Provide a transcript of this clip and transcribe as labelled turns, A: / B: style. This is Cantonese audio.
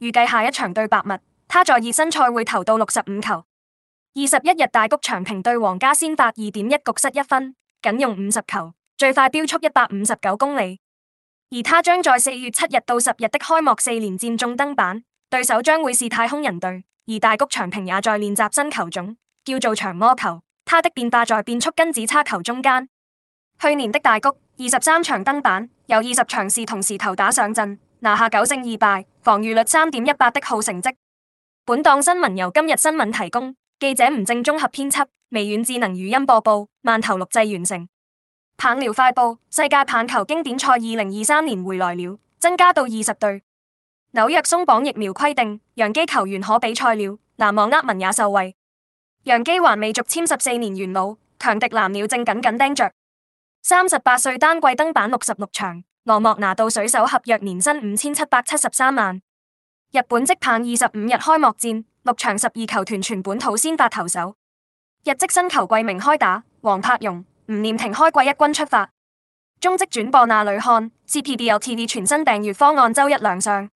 A: 預計下一場對白襪，他在熱身賽會投到六十五球。二十一日大谷翔平對皇家先發二點一局失一分，僅用五十球，最快飆速一百五十九公里。而他將在四月七日到十日的開幕四連戰中登板，對手將會是太空人隊。而大谷翔平也在練習新球種，叫做長魔球。他的變化在變速跟指叉球中間。去年的大谷二十三場登板，有二十場是同時投打上陣。拿下九勝二敗，防禦率三點一八的好成績。本檔新聞由今日新聞提供，記者吳正綜合編輯，微軟智能語音播報，慢頭錄製完成。棒聊快報：世界棒球經典賽二零二三年回來了，增加到二十隊。紐約鬆綁疫苗規定，洋基球員可比賽了，籃網厄文也受惠。洋基還未續簽十四年元老，強敵藍鳥正緊緊盯着。三十八歲單季登板六十六場。羅莫拿到水手合約年薪五千七百七十三萬。日本職棒二十五日開幕戰六場十二球團全本土先發投手。日職新球季明開打，王柏融、吳念庭開季一軍出發。中職轉播哪裡看？CPBL TV 全新訂閱方案，周一亮相。